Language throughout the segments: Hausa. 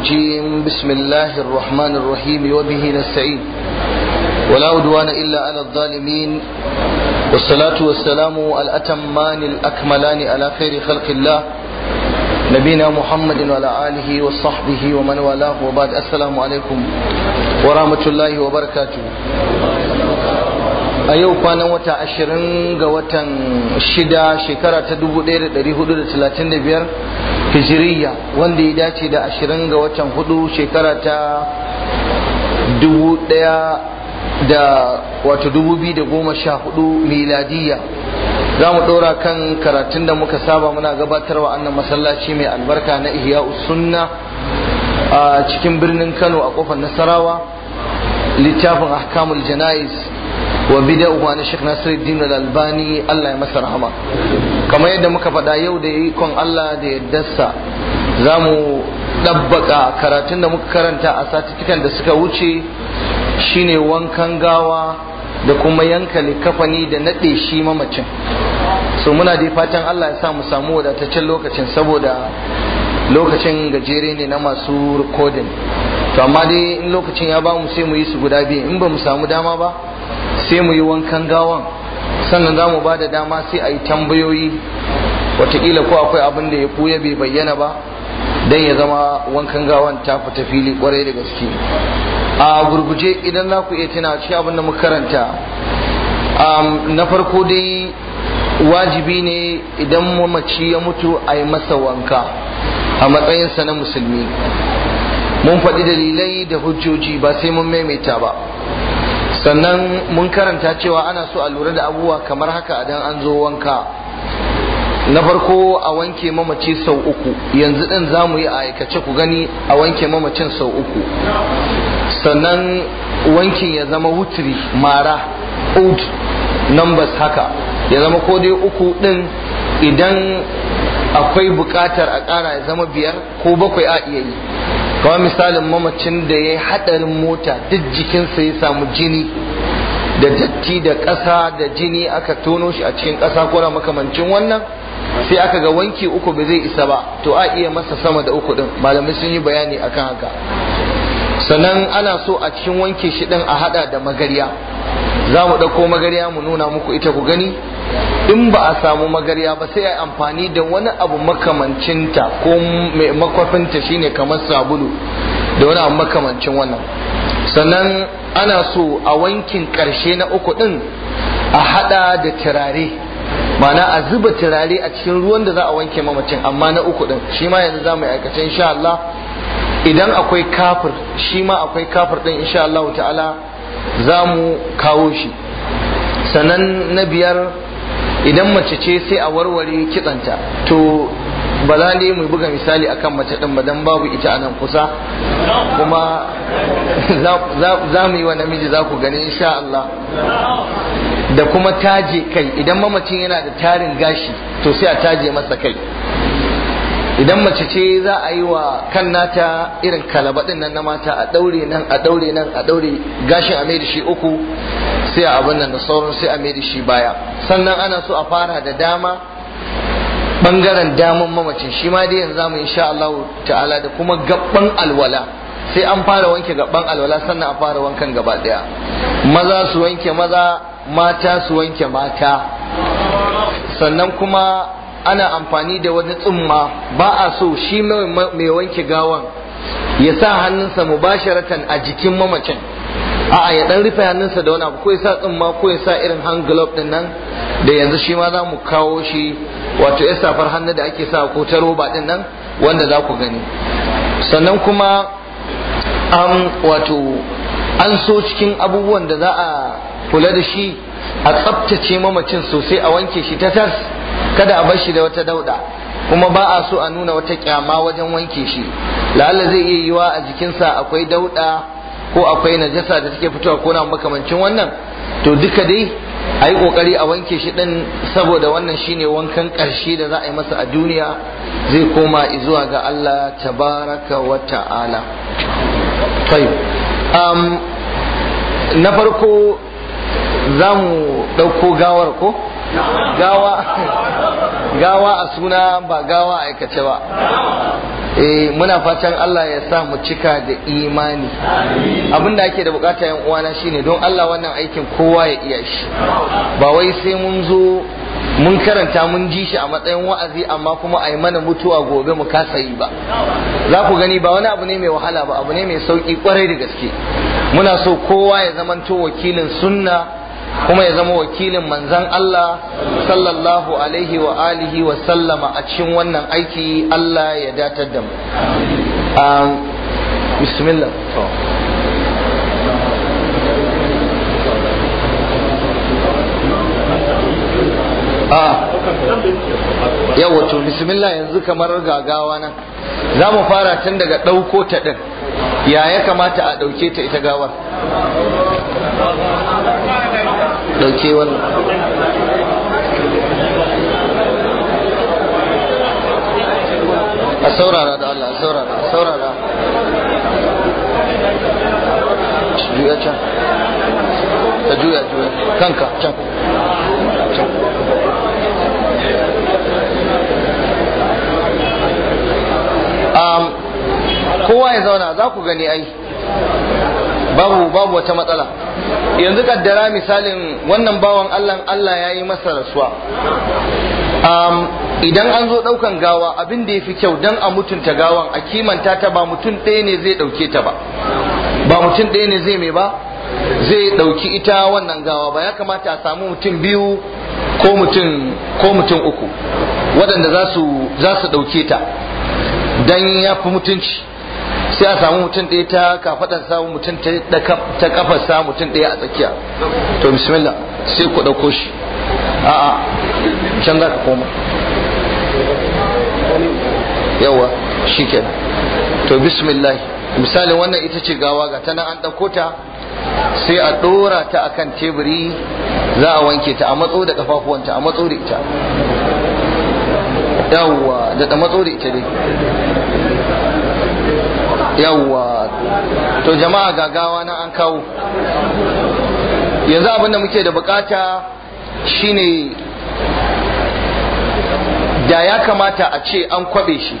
الرجيم بسم الله الرحمن الرحيم وبه نستعين ولا عدوان إلا على الظالمين والصلاة والسلام الأتمان الأكملان على خير خلق الله نبينا محمد وعلى آله وصحبه ومن والاه وبعد السلام عليكم ورحمة الله وبركاته a yau kwanan wata ashirin ga watan shida shekara ta 1435 hijiriya wanda ya dace da ashirin ga watan hudu shekara ta 1000 da wato hudu miladiya za mu ɗora kan karatun da muka saba muna gabatarwa annan masallaci mai albarka na ihya sunna a cikin birnin kano a kofar nasarawa littafin ahkamul jana'iz wa bid'a ma na Sheikh Nasiruddin Al-Albani Allah ya masa rahama kamar yadda muka faɗa yau da ikon Allah da dasa. za mu ɗabbaka karatun da muka karanta a satitikan da suka wuce shine wankan gawa da kuma yankali kafani da naɗe shi mamacin so muna da fatan Allah ya sa mu samu wadataccen lokacin saboda lokacin gajere ne na masu rikodin to amma dai in lokacin ya ba mu sai mu yi su guda biyu in ba mu samu dama ba sai mu yi wankan gawan sannan za mu ba da dama sai a yi tambayoyi wataƙila ko akwai abin da ya kuya bai bayyana ba don ya zama wankan gawan ta fita fili kwarai da gaske a gurguje idan na ku iya tuna ci abin da muka karanta na farko dai wajibi ne idan mamaci ya mutu a yi masa wanka a matsayinsa na musulmi mun faɗi dalilai da hujjoji ba sai mun maimaita ba sannan mun karanta cewa ana so a lura da abubuwa kamar haka idan an zo wanka na farko a wanke mamaci sau uku yanzu din za mu yi a aikace ku gani a wanke mamacin sau uku sannan wankin ya zama wuturi mara old numbers haka ya zama ko dai uku ɗin idan akwai bukatar a kara ya zama biyar ko bakwai a iya yi kawai misalin mamacin da ya yi haɗarin mota duk jikinsa ya samu jini da datti da ƙasa da jini aka tono shi a cikin ƙasa kura makamancin wannan sai aka ga wanki uku ba zai isa ba to a iya masa sama da uku ɗin, malamai sun yi bayani akan haka sannan ana so a cikin wanki shi ɗin a haɗa da magarya za mu ɗauko magarya mu nuna muku ita ku gani in ba a samu magarya ba sai a amfani da wani abu makamancinta ko makwafinta shine kamar sabulu da wani abu makamancin wannan sannan ana so a wankin ƙarshe na uku ɗin a haɗa da turare mana a zuba turare a cikin ruwan da za a wanke mamacin amma na uku ɗin shi ma yanzu za mu yi aikace insha Allah idan akwai kafir shi ma akwai kafir ɗin insha Allah ta'ala za mu kawo shi sannan na biyar idan mace ce sai a warware kitsanta to ba za ne mu buga misali akan mace din ba dan babu ita a nan kusa kuma za mu yi wa namiji za ku gani insha Allah da kuma taje kai idan mamacin yana da tarin gashi to sai a taje masa kai idan mace ce za a yi wa kan nata irin kalabaɗin nan na mata a ɗaure nan a ɗaure nan a daure gashin a da shi uku sai a abin nan da sauran sai a da shi baya sannan ana so a fara da dama bangaren damun mamacin shi ma dai yanzu zamu insha Allah ta'ala da kuma gabban alwala sai an fara wanke gabban alwala sannan a fara wankan gaba daya maza su wanke maza mata su wanke mata sannan kuma ana amfani da wani tsumma ba a so shi mai wanke gawan ya sa hannunsa mu ratan a jikin mamacin a'a ya dan rufe hannunsa da wani abu ko ya sa tsumma ko ya sa irin hand glove din nan da yanzu shi ma za mu kawo shi wato ya safar hannu da ake sa ko ta roba din nan wanda za ku gani sannan kuma an wato an so cikin abubuwan da za a kula da shi a tsabtace mamacin sosai a wanke shi ta tas kada a bar shi da wata dauda kuma ba a so a nuna wata kyama wajen wanke shi la'alla zai iya yiwa a jikinsa akwai dauda ko akwai najasa da take fitowa ko na makamancin wannan to duka dai a yi kokari a wanke shi din saboda wannan shine wankan karshe da za a yi masa a duniya zai koma zuwa ga Allah tabaraka wa ta'ala na farko za mu ɗauko gawar ko gawa gawa a suna ba gawa a aikace ba eh muna fatan Allah ya sa mu cika da imani da ake da bukata yan uwana shine don Allah wannan aikin kowa ya iya shi ba wai sai mun zo mun karanta mun ji shi a matsayin wa'azi amma kuma a yi mana mutuwa gobe mu kasa yi ba za ku gani ba wani abu ne mai wahala ba abu ne mai sauki kwarai da gaske muna so kowa ya zamanto wakilin sunna kuma ya zama wakilin manzan Allah sallallahu alaihi wa alihi wa sallama a cikin wannan aiki Allah ya datar da mu um, bismillah ah. yawa to bismillah yanzu kamar gagawa nan za mu fara tun daga ɗauko ta ɗin ya ya kamata a ɗauke ta ita gawar ɗauke wannan a saurara da Allah a saurara a saurara juya can ta juya juya kanka can can kowa ya zauna za ku gani ai babu babu wata matsala yanzu kaddara misalin wannan bawan Allah Allah ya yi masa rasuwa idan an zo ɗaukan gawa abin da ya fi kyau don a mutunta gawan a kimanta ta ba mutum ɗaya ne zai ɗauke ta ba ba mutum ɗaya ne zai mai ba zai ɗauki ita wannan gawa ba ya kamata a samu mutum biyu ko ko mutum uku waɗanda za su ɗauke ta don ya fi mutunci sai a samu mutum ɗaya ta kafaɗar samu mutum ta ƙafa sa mutum ɗaya a tsakiya to bismillah sai ku ɗauko shi a'a can za ka koma yawa shi to bismillah misalin wannan ita ce gawa ga ta an ɗauko ta sai a ɗora ta akan teburi za a wanke ta a matso da ƙafafuwanta a matso da ita yawwa da matso da ita dai yawwa to jama'a gagawa na an kawo yanzu abinda muke da bukata shine da ya kamata a ce an kwabe shi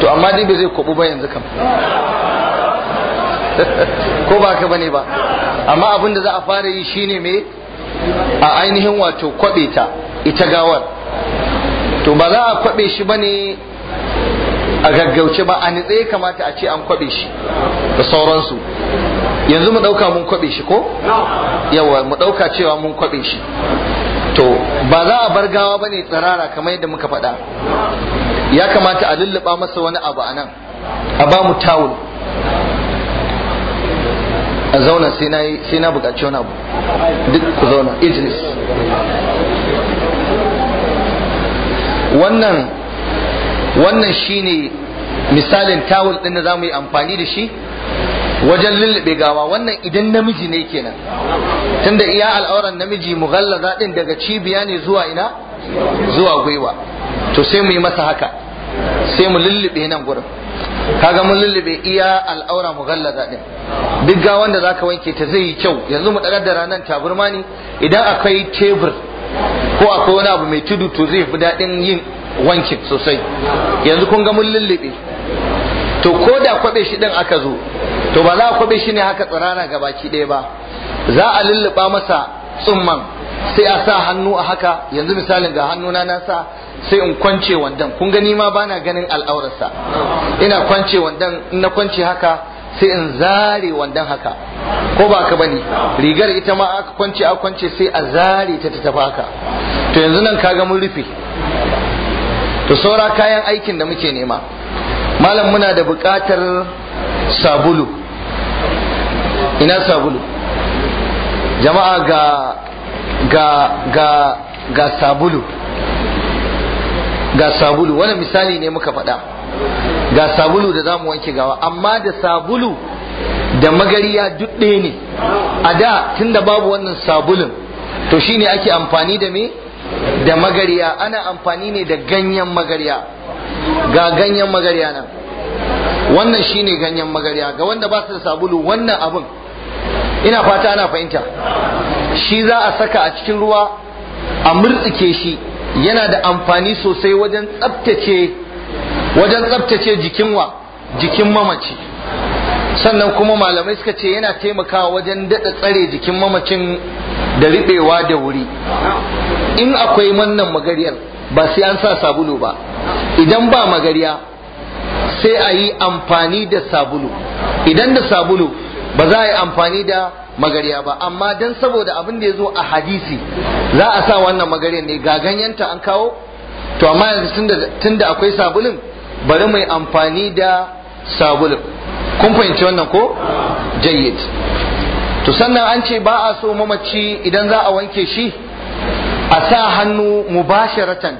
to amma dai ba zai kwabu ba yanzu kam ko ba ka bane ba amma abinda za a fara yi shine me a ainihin wato kwabe ta ita gawar to ba za a kwabe shi bane a gaggauce ba a nitse ya kamata a ce an kwabe shi da sauransu yanzu mu ɗauka mun kwabe shi ko yawa mu dauka cewa mun kwabe shi to ba za a bar gawa bane tsirara kamar yadda muka faɗa ya kamata a lulluɓa masa wani abu a nan a ba mu tawul a zauna sai na buƙaci wani abu duk ku zauna idris wannan wannan shine misalin tawul ɗin da za mu yi amfani da shi wajen lullube gawa wannan idan namiji ne kenan tunda iya al'auran namiji mughallaza zaɗin daga cibiya ne zuwa ina zuwa gwiwa to sai mu yi masa haka sai mu lullube nan gurin kaga mun lullube iya al'aura mughallaza zaɗin duk gawan da zaka wanke ta zai yi kyau yanzu mu da nan taburma ne idan akwai tebur ko akwai wani abu mai tudu to zai fi daɗin yin wankin sosai yanzu kun ga mun lullube to ko da kwabe shi ɗin aka zo to ba za a kwabe shi ne haka tsirara ga baki ɗaya ba za a lulluɓa masa tsumman sai a sa hannu a haka yanzu misalin ga hannuna na sa sai in kwance wandan kun gani ma bana ganin al'aurarsa ina kwance wandan in na kwance haka sai in zare wandan haka ko ba ka bane rigar ita ma aka kwance aka kwance sai a zare ta ta tafi haka to yanzu nan ka ga mun rufe to saura kayan aikin da muke nema malam muna da buƙatar sabulu ina sabulu jama'a ga ga ga ga sabulu ga sabulu wani misali ne muka faɗa ga sabulu da zamu wanke gawa amma da sabulu da magariya duk ɗaya ne a da tunda babu wannan sabulun to shine ake amfani da me da magarya ana amfani ne da ganyen magarya ga ganyen magarya nan wannan shine ganyen magarya ga wanda ba su da sabulu wannan abin ina fata ana fahimta shi za a saka a cikin ruwa a murtsike shi yana da amfani sosai wajen tsabtace wajen tsabtace jikin wa jikin mamaci sannan kuma malamai suka ce yana taimakawa wajen daɗa tsare jikin mamacin da riɓewa da wuri in akwai wannan magariyar ba sai an sa sabulu ba idan ba magariya sai a yi amfani da sabulu idan da sabulu ba za a yi amfani da magariya ba amma don saboda abin da ya zo a hadisi za a sa wannan magariyar ne ga ta an kawo to amma yanzu tun da akwai sabulun bari mai amfani da sabulun kun fahimci wannan ko jayyid to sannan an ce ba a so mamaci idan za a wanke shi a sa hannu mubasharatan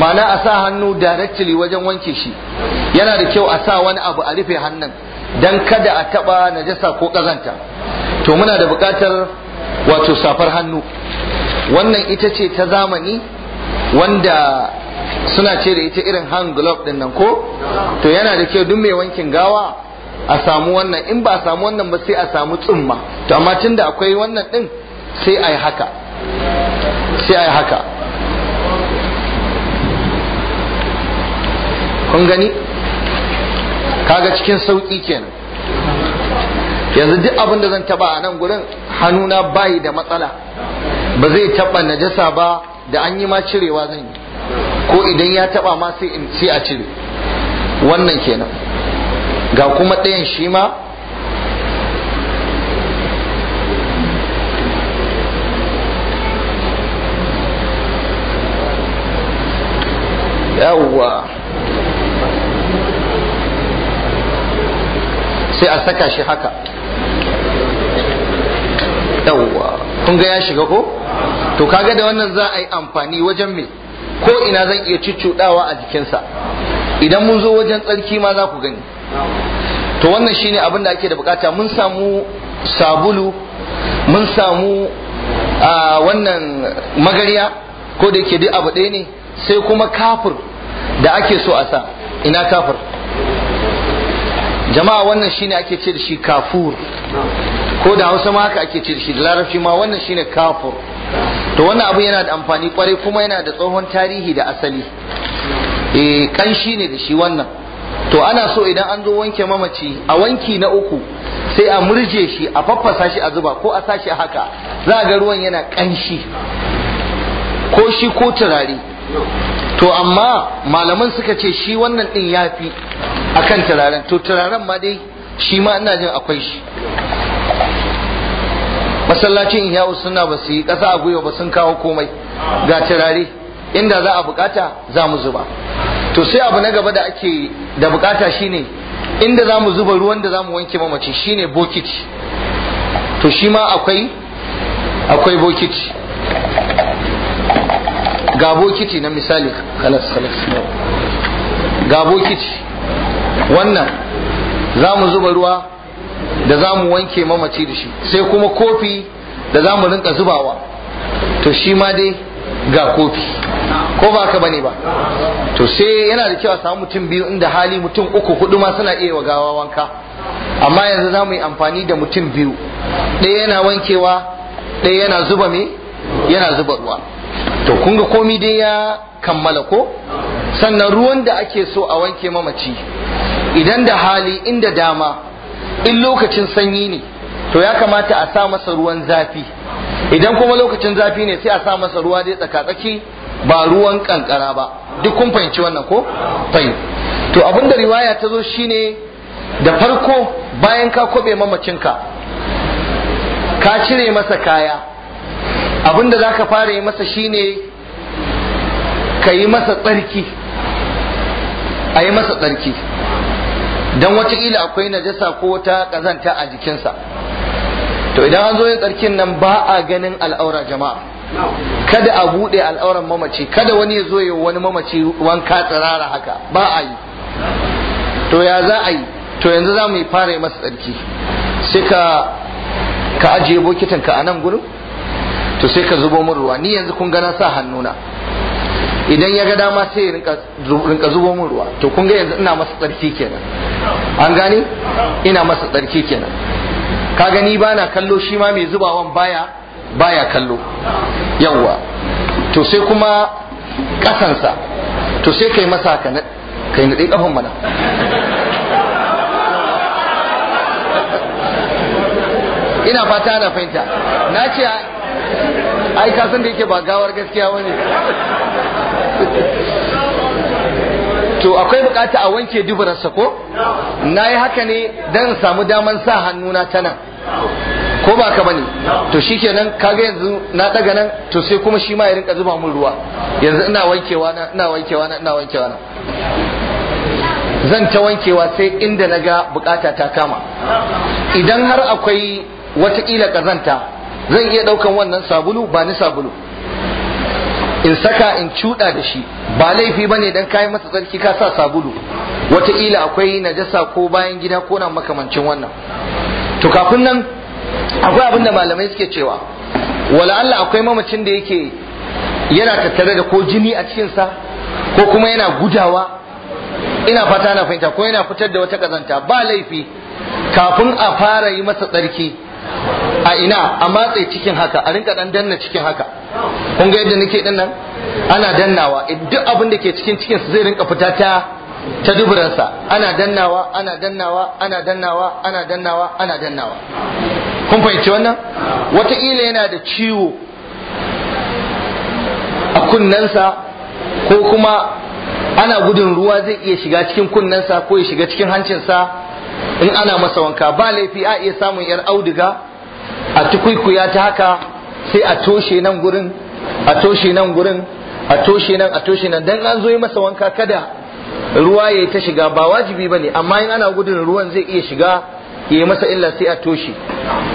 ma'ana a sa hannu directly wajen wanke shi yana da kyau a sa wani abu a rufe hannun dan kada a taba najasa ko kazanta to muna da buƙatar wato safar hannu wannan ita ce ta zamani wanda suna ce da ita irin hand glove din nan ko to yana da kyau duk mai wankin gawa a samu wannan in ba a samu wannan ba sai a samu tsumma to amma tunda akwai wannan din sai a yi haka sai a haka kun gani kaga cikin sauƙi kenan yanzu duk abin da zan taba a nan gurin hannuna bayi da matsala ba zai taba najasa ba da an yi ma cirewa zan yi ko idan ya taba ma sai in sai a cire wannan kenan ga kuma ɗayan shi ma yawwa sai a saka shi haka yawwa kun ga ya shiga ko to kaga da wannan za a yi amfani wajen me ko ina zan iya cuccuɗawa a jikinsa idan mun zo wajen tsarki ma za ku gani to wannan shine abin da ake da bukata mun samu sabulu mun samu wannan magariya ko da yake duk abu ɗaya ne sai kuma kafur da ake so a sa ina kafir jama'a wannan shine ake ce da shi kafur ko da hausa ma haka ake ce da shi da larabci ma wannan shine kafur to wannan abu yana da amfani kwarai kuma yana da tsohon tarihi da asali eh kanshi ne da shi wannan to ana so idan an zo wanke mamaci a wanki na uku sai a murje shi a faffasa shi a zuba ko a sashi haka za a ga ruwan yana kanshi ko shi ko turare to amma malaman suka ce shi wannan din ya fi a kan turaren to turaren ma dai shi ma ina jin akwai shi masallacin iyawu suna ba su yi ƙasa a gwiwa ba sun kawo komai ga turare inda za a bukata za mu zuba to sai abu na gaba da ake da bukata shine inda za mu zuba ruwan da za mu wanke mamaci shine bokiti to shi ma akwai bokiti gabo kiti na misali kalas kalas ga kiti wannan za mu zuba ruwa da za mu wanke mamaci da shi sai kuma kofi da za mu rinka zubawa to shi ma dai ga kofi ko ba ka bane ba to sai yana da kyau a samu mutum biyu inda hali mutum uku hudu ma suna iya gawa wanka amma yanzu za mu yi amfani da mutum biyu ɗaya yana wankewa ɗaya yana zuba me yana zuba ruwa to kun ga komi dai ya kammala ko sannan ruwan da ake so a wanke mamaci idan da hali inda dama in lokacin sanyi ne to ya kamata a sa masa ruwan zafi idan kuma lokacin zafi ne sai a sa masa ruwa dai tsakatsaki ba ruwan kankara ba duk kun fahimci wannan ko tayi to da riwaya ta zo shine da farko bayan ka kobe mamacinka ka cire masa kaya abinda za ka fara yi masa shine ka yi masa tsarki a yi masa tsarki don ila akwai najasa ko wata ƙazanta a jikinsa to idan an zo yin tsarkin nan ba a ganin al'aura jama'a kada a buɗe al'auran mamaci kada wani ya zo ya wani mamaci wanka tsirara haka ba a yi to ya za a yi to yanzu za mu yi fara yi masa tsarki sai ka ka ajiye bokitin ka a nan gurin to sai ka zubo min ruwa ni yanzu kun gana sa hannuna idan ya ga dama sai ya rinka zubo min ruwa to kun ga yanzu ina masa tsarki kenan an gani ina masa tsarki kenan ka gani bana kallo shi ma mai zubawan baya baya kallo yawwa to sai kuma kasansa to sai kai masa ka kai na kafan mana ina fata na fahimta na ce ai ka san da yake ba gawar gaskiya wani to akwai bukata a wanke duburarsa ko na yi haka ne don samu daman sa hannuna ta nan ko ba ka bane to shikenan kaga yanzu na daga nan to sai kuma shi ma ya rinka zuba mun ruwa yanzu ina wankewa na ina wankewa na ina wankewa na zan ta wankewa sai inda na ga bukata ta kama idan har akwai watakila kazanta zan iya ɗaukan wannan sabulu ba ni sabulu in saka in cuɗa da shi ba laifi ba ne don kayan masa tsarki ka sa sabulu wataƙila akwai najasa ko bayan gida ko na makamancin wannan to kafin nan akwai abin malamai suke cewa wala Allah akwai mamacin da yake yana tattare da ko jini a cikinsa ko kuma yana gudawa ina fata na fahimta ko yana fitar da wata kazanta ba laifi kafin a fara yi masa tsarki a ina a matse cikin haka a rinka dan danna cikin haka kun ga yadda nake dinnan ana dannawa eh, duk abin da ke cikin cikin su zai rinka fita ta ta duburansa ana dannawa ana dannawa ana dannawa ana dannawa ana dannawa kun fahimci wannan watakila yana da ciwo a kunnensa ko kuma ana gudun ruwa zai iya shiga cikin kunnensa ko ya shiga cikin hancinsa in ana masa wanka ba laifi a iya samun yar auduga a tukuikuya ta haka sai a toshe nan gurin a toshe nan gurin a toshe nan a toshe nan dan an zo yi masa wanka kada ruwa ya ta shiga ba wajibi bane amma in ana gudun ruwan zai iya shiga ya yi masa illa sai a toshe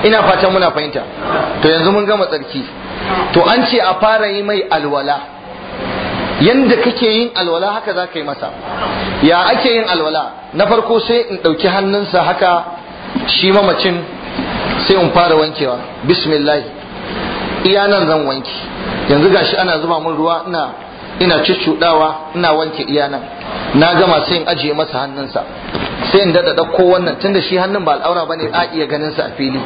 ina fatan muna fahimta to yanzu mun gama tsarki to an ce a fara yi mai alwala yanda kake yin alwala haka za ka yi masa ya ake yin alwala na farko sai in ɗauki hannunsa haka shi mamacin sai in fara wankewa bismillah iya nan zan wanke yanzu gashi ana zuba mun ruwa ina ina cuccudawa ina wanke iya nan na gama sai in ajiye masa hannunsa sai in dada dauko wannan tunda shi hannun ba al'aura bane a iya ganin sa a fili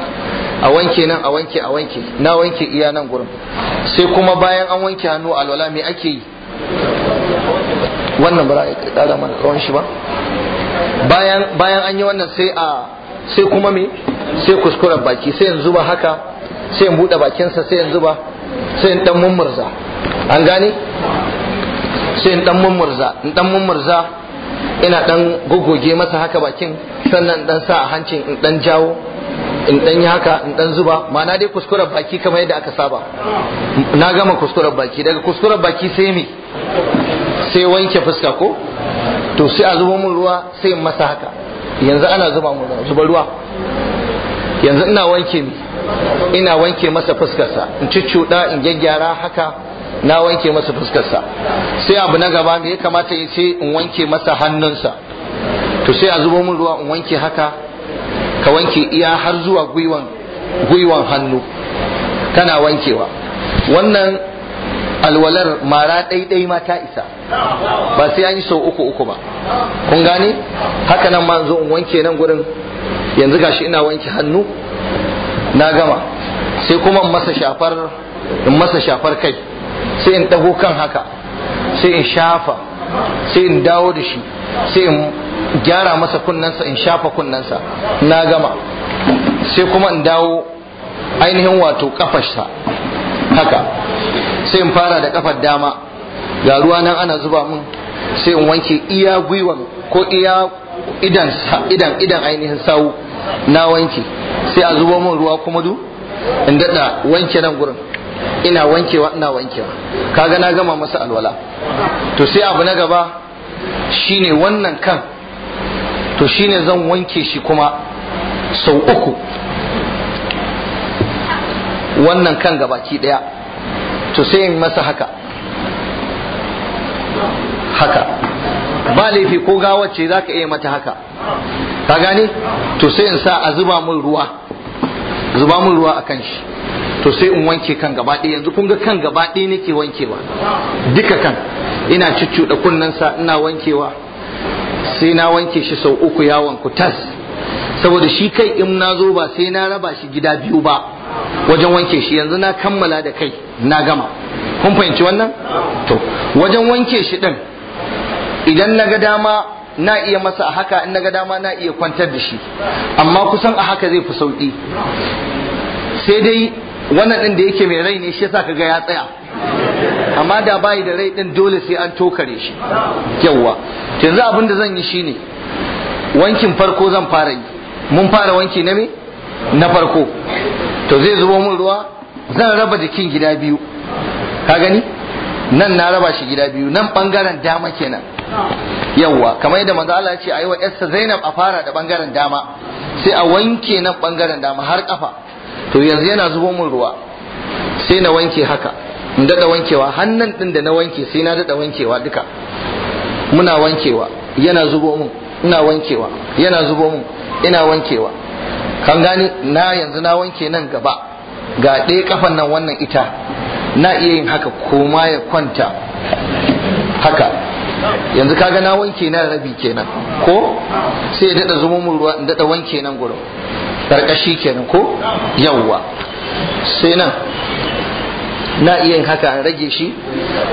a wanke nan a wanke a wanke na wanke iya nan gurin sai kuma bayan an wanke hannu alwala me ake yi wannan ba za a ƙara mana tsawon shi ba bayan an yi wannan sai a sai kuma me sai kuskuren baki sai yanzu ba haka sai in buɗe bakinsa sai yanzu ba sai in dan mummurza an gane sai in dan mummurza in dan mummurza ina dan gogoge masa haka bakin sannan dan sa a hancin in dan jawo in dan yi haka in dan zuba ma'ana dai kuskuren baki kamar yadda aka saba na gama kuskuren baki daga kuskuren baki sai me sai wanke fuska ko to sai a zuba mun ruwa sai in masa haka yanzu ana zuba mun ruwa zuba ruwa yanzu ina wanke ina wanke masa fuskarsa in cuccuɗa in gyaggyara haka na wanke masa fuskarsa sai abu na gaba ya kamata ya ce in wanke masa hannunsa to sai a zubo min ruwa in wanke haka ka wanke iya har zuwa gwiwan gwiwan hannu kana wankewa wannan alwalar mara ɗaiɗai ma ta isa ba sai an yi sau uku uku ba kun gane haka nan ma zo in wanke nan gurin yanzu gashi ina wanke hannu na gama sai kuma in masa shafar in masa shafar kai sai in dago kan haka sai in shafa sai in dawo da shi sai in gyara masa kunnensa in shafa kunnensa na gama sai kuma in dawo ainihin wato kafarsa haka sai in fara da kafar dama ga ruwa nan ana zuba mun sai in wanke iya gwiwan ko iya idan idan idan ainihin sawu na wanke sai a zubo min ruwa kuma du in dada wanke nan gurin ina wankewa ina wankewa kaga na gama masa alwala to sai abu na gaba shine wannan kan to shine zan wanke shi kuma sau uku wannan kan gabaki daya to sai in masa haka haka ba laifi ko gawace za ka iya mata haka ka gane to sai in sa a zuba mun ruwa zuba mun ruwa a kan shi to sai in wanke kan gaba ɗaya yanzu kun ga kan gaba ɗaya nake wankewa duka kan ina cuccuɗa sa ina wankewa sai na wanke shi sau uku yawon wanku tas saboda shi kai in na zo ba sai na raba shi gida biyu ba wajen wanke shi yanzu na kammala da kai na gama kun fahimci wannan to wajen wanke shi ɗin. idan na ga dama na iya masa a haka in na ga dama na iya kwantar da shi amma kusan a haka zai fi sauƙi sai dai wannan ɗin da yake mai rai ne shi yasa ga ya tsaya amma da bayi da rai ɗin dole sai an tokare shi yawwa yanzu abin da zan yi shine wankin farko zan fara yi mun fara wanki na me na farko to zai zubo mun ruwa zan raba jikin gida biyu ka gani nan na raba shi gida biyu nan bangaren dama kenan yawwa kamar yadda manzo Allah ya ce ayi wa yarsa Zainab a fara da bangaren dama sai a wanke nan bangaren dama har kafa to yanzu yana zubo mun ruwa sai na wanke haka in dada wankewa hannun din da na wanke sai na dada wankewa duka muna wankewa yana zubo mun ina wankewa yana zubo mun ina wankewa kan gani na yanzu na wanke nan gaba ga ɗaya kafan nan wannan ita na iya yin haka koma ya kwanta haka yanzu kaga na wanke na rabi kenan ko sai ya dada zumo mun ruwa in dada wanke nan gurin karkashi kenan ko yawwa sai nan na iya yin haka rage shi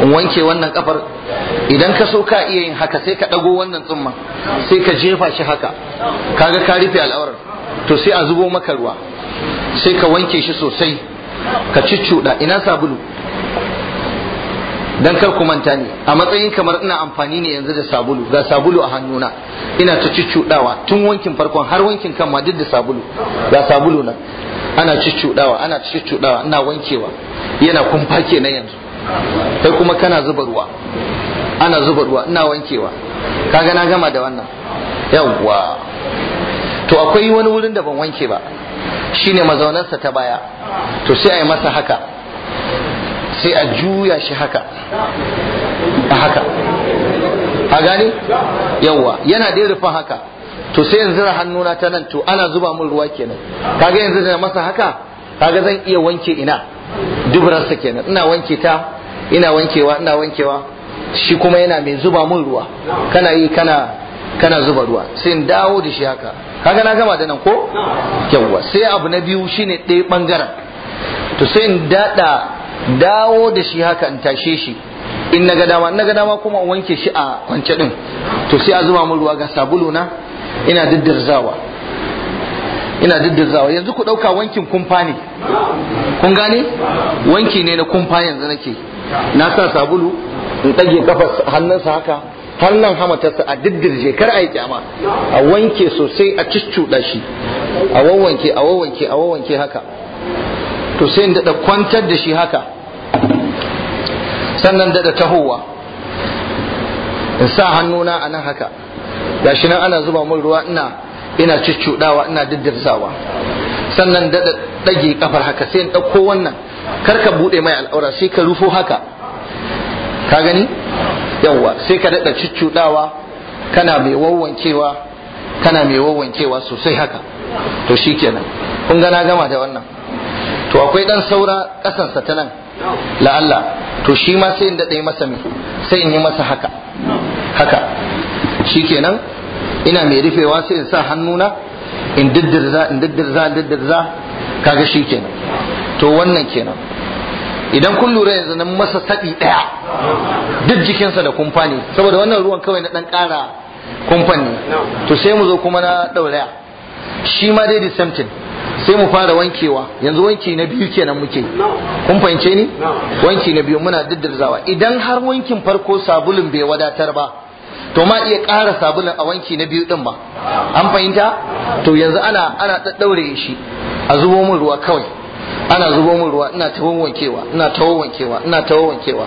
in wanke wannan kafar idan ka so ka iya yin haka sai ka dago wannan tsumman sai ka jefa shi haka kaga ka rufe al'aurar to sai a zubo maka ruwa sai ka wanke shi sosai ka ciccuda ina sabulu dan kar ku manta ni a matsayin kamar ina amfani ne yanzu da sabulu ga sabulu a hannuna ina ta cuccudawa tun wankin farkon har wankin kan ma duk da sabulu ga sabulu na. ana cuccudawa ana cuccudawa ina wankewa yana kumfa kenan yanzu kai kuma kana zuba ruwa ana zuba ruwa ina wankewa kaga na gama da wannan yawwa to akwai wani wurin da ban wanke ba shine mazaunarsa ta baya to sai a yi masa haka sai a juya shi haka a haka a gani yawa yana da rufin haka to sai yanzu zira hannuna ta nan to ana zuba mun ruwa kenan kaga yanzu da masa haka kaga zan iya wanke ina Dubararsa kenan ina wanke ta ina wankewa ina wankewa shi kuma yana mai zuba mun ruwa kana yi kana kana zuba ruwa sai in dawo da shi haka kaga na gama da nan ko yawa sai abu na biyu shine ɗaya bangaren to sai in dada dawo da shi haka in tashe shi in na ga dama na gada ma kuma in wanke shi a kwance din to sai a zuba min ruwa ga sabulu na ina diddirzawa ina diddirzawa yanzu ku dauka wankin kumfa ne kun gane wanki ne na kumfa yanzu nake na sa sabulu in ɗage kafar hannunsa haka har nan hamatarsa a diddirje kar a yi kyama a wanke sosai a cuccuɗa shi a wawanke a wawanke a wawanke haka to sai in daɗa kwantar da shi haka sannan daɗa tahowa in sa hannuna a nan haka gashi nan ana zuba mun ruwa ina ina cuccuɗawa ina diddirzawa sannan daɗa ɗage kafar haka sai in ɗauko wannan kar ka buɗe mai al'aura sai ka rufo haka ka gani yawwa sai ka daɗa cuccuɗawa kana mai wawwankewa kana mai wawwankewa sosai haka to shikenan kun ga na gama da wannan to akwai dan saura kasansa ta nan la'alla to shi ma sai in daɗe masa me sai in yi masa haka haka shi kenan ina mai rufewa sai in sa hannuna in diddirza in diddirza in diddirza kaga kenan to wannan kenan idan kun lura yanzu nan masa saɗi ɗaya duk jikinsa da kumfani saboda wannan ruwan kawai na ɗan ƙara kumfani to sai mu zo kuma na ɗauraya shi ma dai the same thing sai mu fara wankewa yanzu wanki na biyu kenan muke kun fahimce ni wanki na biyu muna diddirzawa idan har wankin farko sabulun bai wadatar ba to ma iya ƙara sabulun a wanki na biyu din ba an fahimta to yanzu ana ana daddaure shi a zubo min ruwa kawai ana zubo min ruwa ina tawo wankewa ina tawo wankewa ina tawo wankewa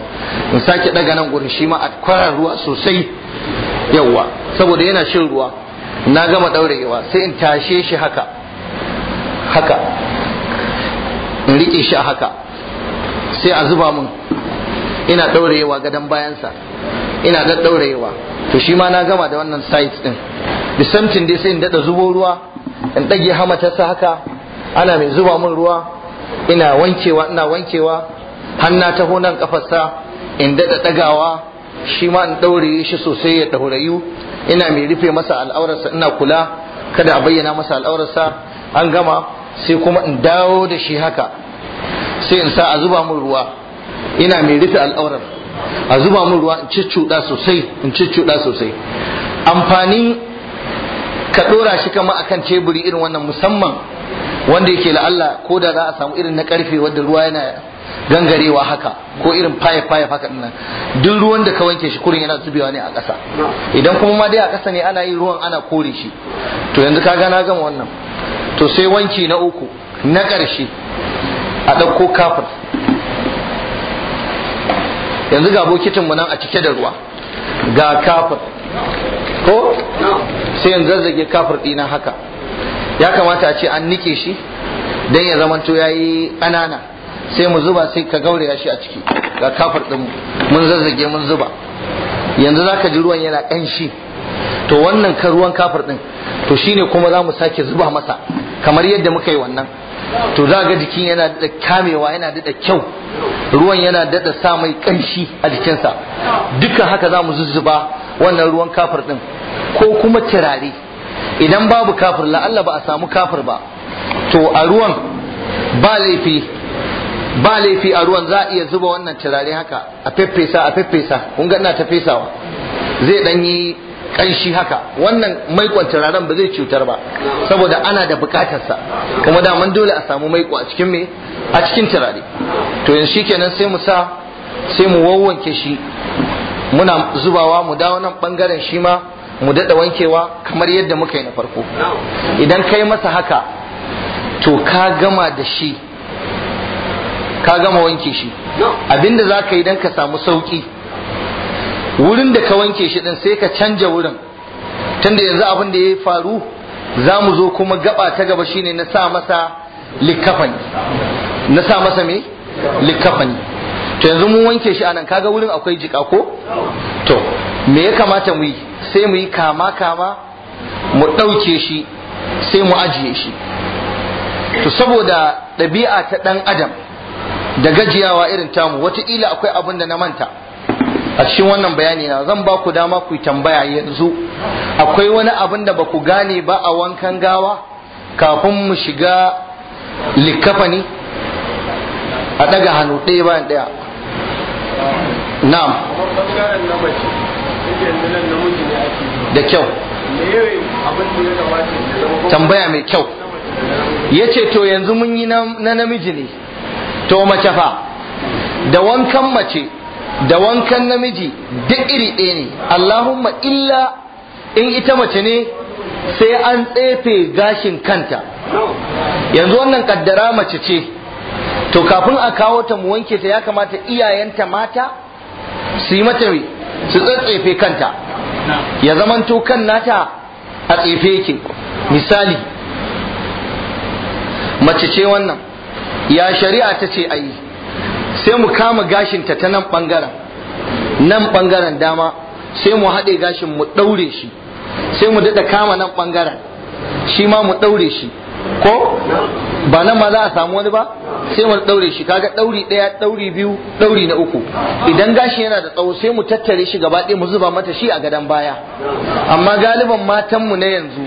in sake daga nan gurin shi ma a kwara ruwa sosai yawa saboda yana shin ruwa na gama daurewa sai in tashe shi haka haka in rike shi a haka sai a zuba mun ina ɗaurewa gadon bayansa ina ɗaɗɗaurewa to shi ma na gama da wannan site ɗin da dai sai in daɗa zubo ruwa in ɗage hamatarsa haka ana mai zuba mun ruwa ina wankewa ina wankewa hanna taho nan kafarsa in daɗa ɗagawa shi ma in ɗaure shi sosai ya ɗaurayu ina mai rufe masa al'aurarsa ina kula kada a bayyana masa al'aurarsa an gama sai kuma in dawo da shi haka sai in sa a zuba mun ruwa ina mai rufe al'aurar a zuba mun ruwa in ci cuɗa sosai in ciccuɗa sosai amfanin ka ɗora shi kama akan teburi irin wannan musamman wanda yake la'alla ko da za a samu irin na karfe wanda ruwa yana gangarewa haka ko irin fayaf fayaf haka dinnan duk ruwan da ka wanke shi kurin yana zubewa ne a ƙasa idan kuma ma dai a ƙasa ne ana yi ruwan ana kore shi to yanzu ka gana gama wannan to sai wanki na uku na ƙarshe a ɗauko kafin yanzu ga bokitinmu nan a cike da ruwa ga kafin ko sai yanzu zage kafin ɗina haka ya kamata a ce an nike shi don ya zama to ya yi ƙanana sai mu zuba sai ka gauraya shi a ciki ga kafar ɗinmu mun zazzage mun zuba yanzu za ka ji ruwan yana ƙanshi to wannan kan ruwan kafir din to shine kuma za mu sake zuba masa kamar yadda muka yi wannan to za ga jikin yana da kamewa yana da kyau ruwan yana daɗa sa mai kanshi a jikinsa duka haka za mu zuzzuba wannan ruwan kafar din ko kuma turare idan babu kafir la'alla ba a samu kafir ba to a ruwan ba laifi ba laifi a ruwan za a iya zuba wannan turare haka a feffesa a feffesa kun ga ina ta fesawa zai dan yi kanshi haka wannan mai turaren ba zai cutar ba saboda ana da bukatarsa kuma daman dole a samu maiko a cikin me a cikin turare to yanzu shikenan sai mu sa sai mu wawwanke shi muna zubawa mu dawo nan bangaren shi ma mu daɗa wankewa kamar yadda muka yi na farko idan kai masa haka to ka gama da shi ka gama wanke shi abinda za ka yi don ka samu sauki wurin da ka wanke shi din sai ka canja wurin tunda yanzu abin da ya faru za mu zo kuma gaba ta gaba shine na sa masa likafani na sa masa me likafani to yanzu mun wanke shi anan kaga wurin akwai jika ko to me ya kamata mu yi sai mu yi kama kama mu ɗauke shi sai mu ajiye shi to saboda ɗabi'a ta ɗan adam da gajiyawa irin tamu wataƙila akwai abin da na manta a cikin wannan bayani na zan ba ku dama ku tambaya yanzu akwai wani abin da ba ku gane ba a wankan gawa kafin mu shiga likafani a daga hannu ɗaya bayan ɗaya na'am da kyau tambaya mai kyau ya ce to yanzu mun yi na namiji ne to mace fa da wankan mace da wankan namiji duk iri ɗaya ne Allahumma illa in ita mace ne sai an tsefe gashin kanta yanzu wannan kaddara mace ce to kafin a kawo ta mu wanke ta ya kamata iyayenta mata su yi mata su tsefe kanta ya zamanto kan nata a tsefe yake misali mace ce wannan ya shari'a ta ce a yi sai mu kama gashinta ta nan bangaren nan bangaren dama sai mu haɗe gashin mu ɗaure shi sai mu daɗa kama nan bangaren shi ma mu ɗaure shi ko ba nan ma za a samu wani ba sai mu ɗaure shi kaga ɗauri ɗaya ɗauri biyu ɗauri na uku idan gashi yana da tsawo sai mu tattare shi gaba ɗaya mu zuba mata shi a gadon baya amma galiban matanmu na yanzu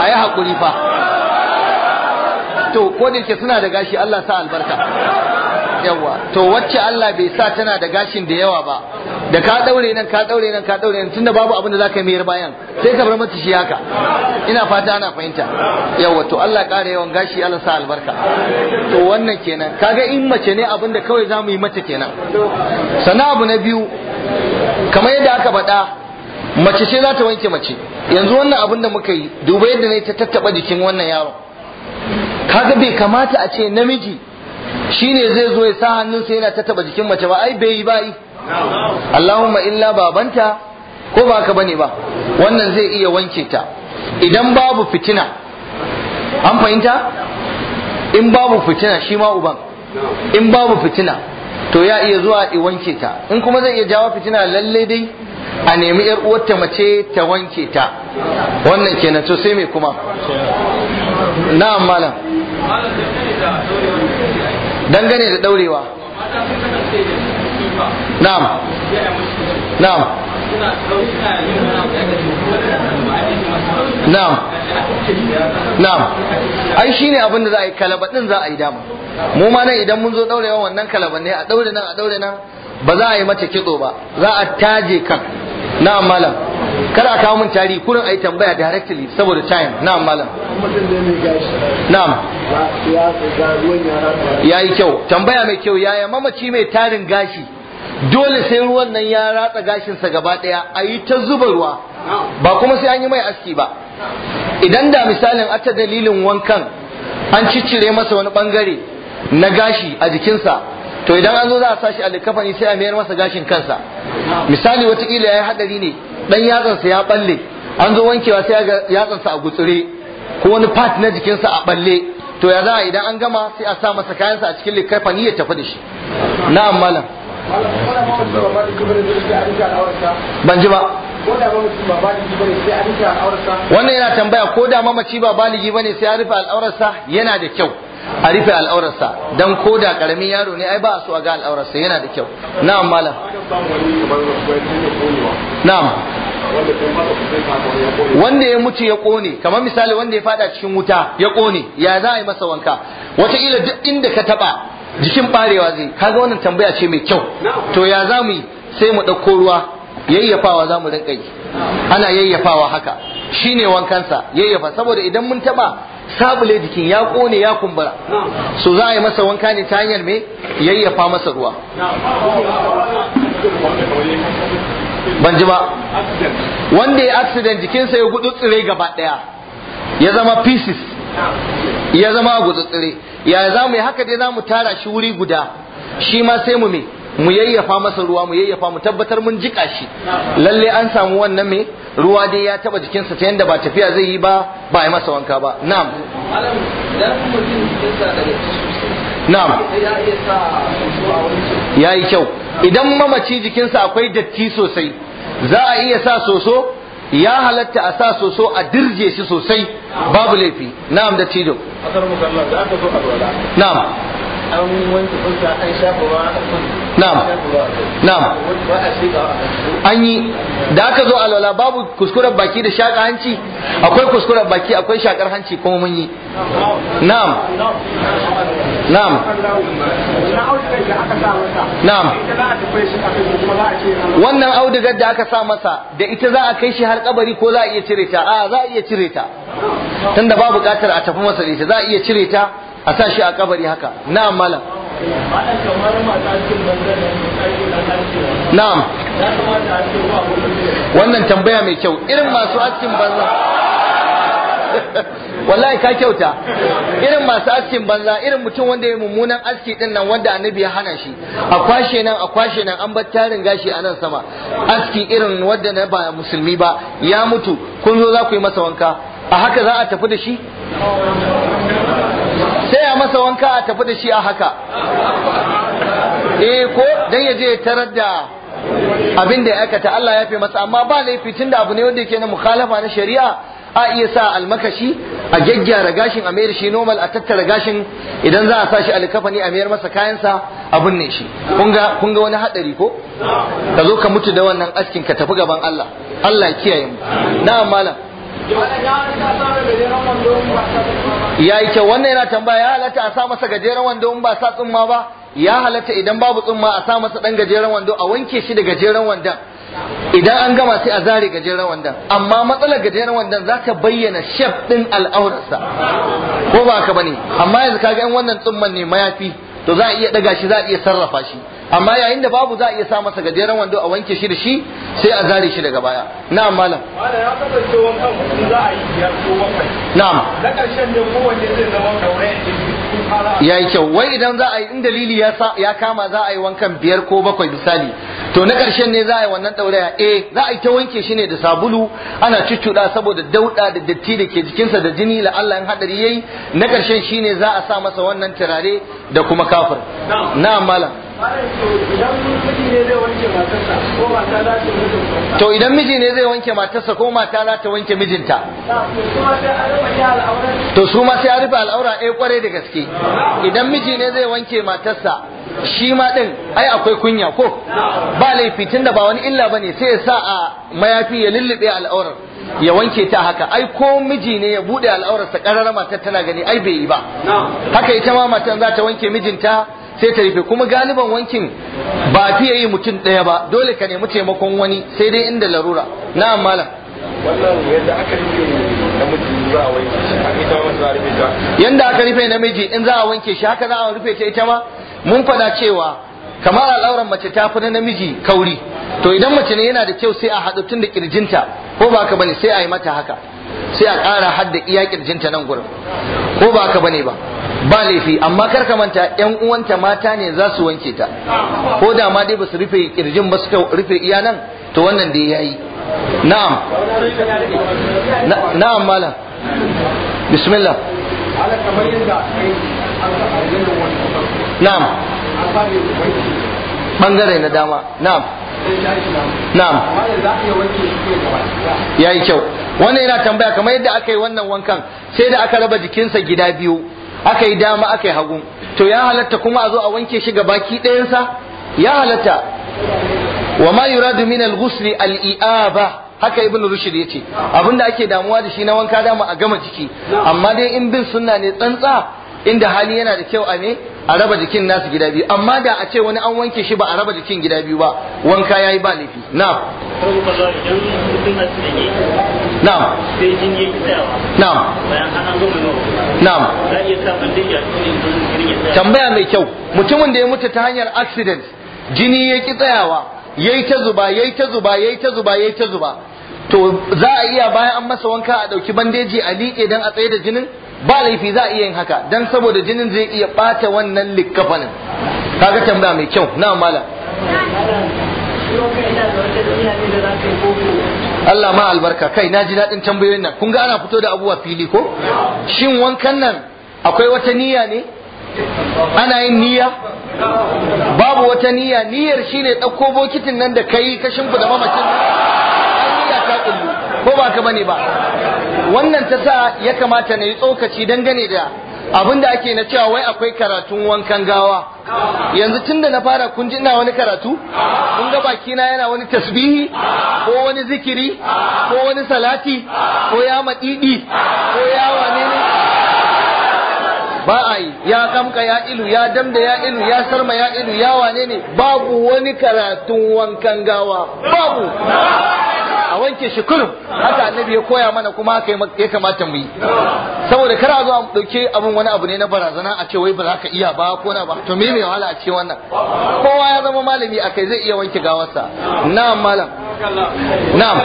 a yi haƙuri fa to ko da suna da gashi Allah sa albarka yawa to wacce Allah bai sa tana da gashin da yawa ba da ka daure nan ka daure nan ka daure nan tunda babu abin da zaka mayar bayan sai ka bar mata shi haka ina fata ana fahimta yawa to Allah ƙara yawan gashi Allah sa albarka to wannan kenan kaga in mace ne abin da kawai zamu yi mata kenan sana abu na biyu kamar yadda aka faɗa mace ce za ta wanke mace yanzu wannan abin da muka yi duba yadda ne ta tattaba jikin wannan yaron kaga bai kamata a ce namiji Shi ne zai zo ya sa hannunsa yana ta taba jikin mace ba ai bai yi ba Allahumma illa babanta ko ba ka bane ba wannan zai iya wanke ta idan babu fitina an fahimta in babu fitina shi ma uban in babu fitina to ya iya zuwa i wanke ta in kuma zai iya jawo fitina lalle dai a nemi yar uwarta mace ta wanke ta wannan kenan to sai me kuma na'am malam dangane da daurewa na'am na'am na'am na'am ai shine abin da za a yi kalabadin za a yi dama mu ma nan idan mun zo daurewa wannan kalaba ne a daure nan a daure nan ba za a yi mace kitso ba za a taje kan na'am malam Kada a kawo mun tari kurin ayi tambaya directly saboda time na'am malam na'am yayi kyau tambaya mai kyau yaya mamaci mai tarin gashi dole sai ruwan nan ya ratsa gashinsa gaba daya ayi ta zuba ruwa ba kuma sai an yi mai aski ba idan da misalin a ta dalilin wankan an ciccire masa wani bangare na gashi a jikinsa to idan an zo za a sashi a likafani sai a mayar masa gashin kansa misali watakila ya yi hadari ne dan yatsansa ya balle an zo wankewa sai ga yatsansa a gutsure ko wani part na jikinsa a balle to ya za idan an gama sai a sa masa kayansa a cikin likafani ya tafi da shi na'am malam ban ji ba wannan yana tambaya ko da mamaci ba baligi bane sai ya rufe al'aurarsa yana da kyau a rufe al'aurarsa don ko da karamin yaro ne ai ba su a ga al'aurarsa yana da kyau na'am malam na'am wanda ya mutu ya kone kamar misali wanda ya fada cikin wuta ya kone ya za a yi masa wanka wataƙila duk inda ka taba jikin barewa zai kaga wannan tambaya ce mai kyau to ya za mu yi sai mu ɗauko ruwa yayyafawa za mu rinka yi ana yayyafawa haka shine wankansa yayyafa saboda idan mun taba sabule jikin ya kone ya kumbura so za a yi masa wanka ne ta hanyar me yayyafa masa ruwa ban ji ba wanda ya accident jikinsa ya gudu tsire gaba daya ya zama pieces ya zama gudu tsire ya zamu yi haka dai za mu tara shi wuri guda shi ma sai mu me mu yayyafa masa ruwa mu yayyafa mu tabbatar mun jika shi lalle an samu wannan me ruwa dai ya taba jikinsa ta yanda ba tafiya zai yi ba ba yi masa wanka ba na'am na'am ya yi kyau idan mamaci jikinsa akwai datti sosai za a iya sa soso ya halatta a sa soso a dirje shi sosai babu laifi na'am da cido na'am an wanke fuska yi da aka zo alwala babu kuskuren baki da shakar hanci akwai kuskuren baki akwai shakar hanci kuma mun yi na'am na'am na'am wannan audugar da aka sa masa da ita za a kai shi har kabari ko za a iya cire ta a za a iya cire ta tunda babu buƙatar a tafi masa da ita za a iya cire ta a sa shi a kabari haka na malam Na. wannan tambaya mai kyau irin masu askin banza wallahi ka kyauta irin masu askin banza irin mutum wanda ya mummunan aski din nan wanda annabi ya hana shi a kwashe nan a kwashe nan an bar tarin gashi a nan sama aski irin wanda na ba musulmi ba ya mutu kun zo za ku yi masa wanka a haka za a tafi da shi masa wanka a tafi da shi a haka eh ko dan ya je tarar da abin da ya aikata Allah ya fi masa amma ba laifi tunda abu ne wanda yake na mukhalafa na shari'a a iya sa almakashi a gyaggyara gashin a mayar shi normal a tattara gashin idan za a sa shi alkafani a mayar masa kayansa abun ne shi kun ga wani hadari ko ka zo ka mutu da wannan askin ka tafi gaban Allah Allah ya kiyaye mu na'am malam ya yi kyau wannan yana tambaya ya halatta a sa masa gajeren wando in ba sa tsumma ba ya halatta idan babu tsumma a sa masa dan gajeren wando a wanke shi da gajeren wandon idan an gama sai a zare gajeren wandon amma matsalar gajeren wandon za ta bayyana shef din al'aurarsa ko ba haka bane amma yanzu kaga in wannan tsumman ne mayafi to za a iya daga shi za a iya sarrafa shi amma yayin da babu za a iya sa masa gajeren wando a wanke shi da shi sai a zare shi daga baya na'am malam ya kasance wankan za yi biyar ko bakwai na karshen ne kowanne zai zama ya yi kyau wai idan za a yi in dalili ya kama za a yi wankan biyar ko bakwai misali to na karshen ne za a yi wannan ɗauraya eh za a yi ta wanke shi ne da sabulu ana cuccuda saboda dauɗa da datti da ke jikinsa da jini la Allah in hadari yayi na karshen shine za a sa masa wannan turare da kuma kafir na'am malam to idan miji ne zai wanke matarsa ko mata za ta wanke mijinta ah, to su ma sai a rufe al'aura ɗaya eh, kwarai da gaske idan miji ne zai wanke matarsa shi ma ɗin ai akwai kunya ko ba laifi tun da ba wani illa ba ne sai ya sa a mayafi ya lullube al'aurar ya wanke ta haka ai ko miji ne ya buɗe al'aurarsa ƙararra matar tana gani ai bai yi ba haka ita ma matar za ta wanke mijinta sai ta rufe kuma galiban wankin ba fiye yi mutum ɗaya ba dole ka nemi taimakon wani sai dai inda larura na amala yadda aka rufe namiji za aka rufe namiji in za a wanke shi haka za a rufe ta ita ma mun faɗa cewa kamar al'auran mace ta fi na namiji kauri to idan mace ne yana da kyau sai a haɗu tun da kirjinta ko ba ka bane sai a yi mata haka sai a ƙara hadda iya kirjinta nan gurin ko ba ka bane ba ba laifi amma kar ka manta yan uwanta mata ne za su wanke ta ko da ma dai ba su rufe kirjin ba suka rufe iya nan to wannan dai yayi na'am na'am malam bismillah na'am bangare na dama na'am na'am yayi kyau wannan yana tambaya kamar yadda aka yi wannan wankan sai da aka raba jikinsa gida biyu aka yi dama aka yi hagu to ya halatta kuma a zo a wanke shi ga baki ɗayansa ya halatta wa ma yuradu min al-ghusl al-i'aba haka ibn rushd yace abinda ake damuwa da shi na wanka dama a gama jiki amma dai in bin sunna ne tsantsa inda hali yana da kyau a ne a raba jikin nasu gida biyu amma da a ce wani an wanke shi ba a raba jikin gida biyu ba wanka ya yi ba laifi Na. Na. Na. Na. tambaya mai kyau mutumin da ya mutu ta hanyar accident jini ya ki tsayawa yi ta zuba yi ta zuba yi ta zuba yi ta zuba to za a iya bayan an masa wanka a ɗauki bandeji a liƙe don a tsaye da jinin ba laifi za a iya yin haka dan saboda jinin zai iya bata wannan likkafanin kaga tambaya mai kyau na mala Allah ma albarka kai na ji daɗin tambayoyin nan kun ga ana fito da abubuwa fili ko shin wankan nan akwai wata niyya ne ana yin niyya babu wata niyya niyyar shine ɗauko bokitin nan da kai ka da mamacin ko ba ka bane ba wannan ta sa ya kamata na yi tsokaci dangane da abin da ake na cewa wai akwai karatun wankan gawa yanzu tun da na fara kun ji ina wani karatu kun ga baki na yana wani tasbihi ko wani zikiri ko wani salati ko ya madidi ko ya wane ne ba a yi ya kamka ya ilu ya damda ya ilu ya sarma ya ilu ya wane ne babu wani karatun wankan gawa babu a wanke shi kurum haka annabi ya koya mana kuma haka ya kamata mu yi saboda kar a zo a dauke abun wani abu ne na barazana a ce wai ba za ka iya ba ko na ba to me ne wahala a ce wannan kowa ya zama malami a kai zai iya wanke gawarsa na'am malam na'am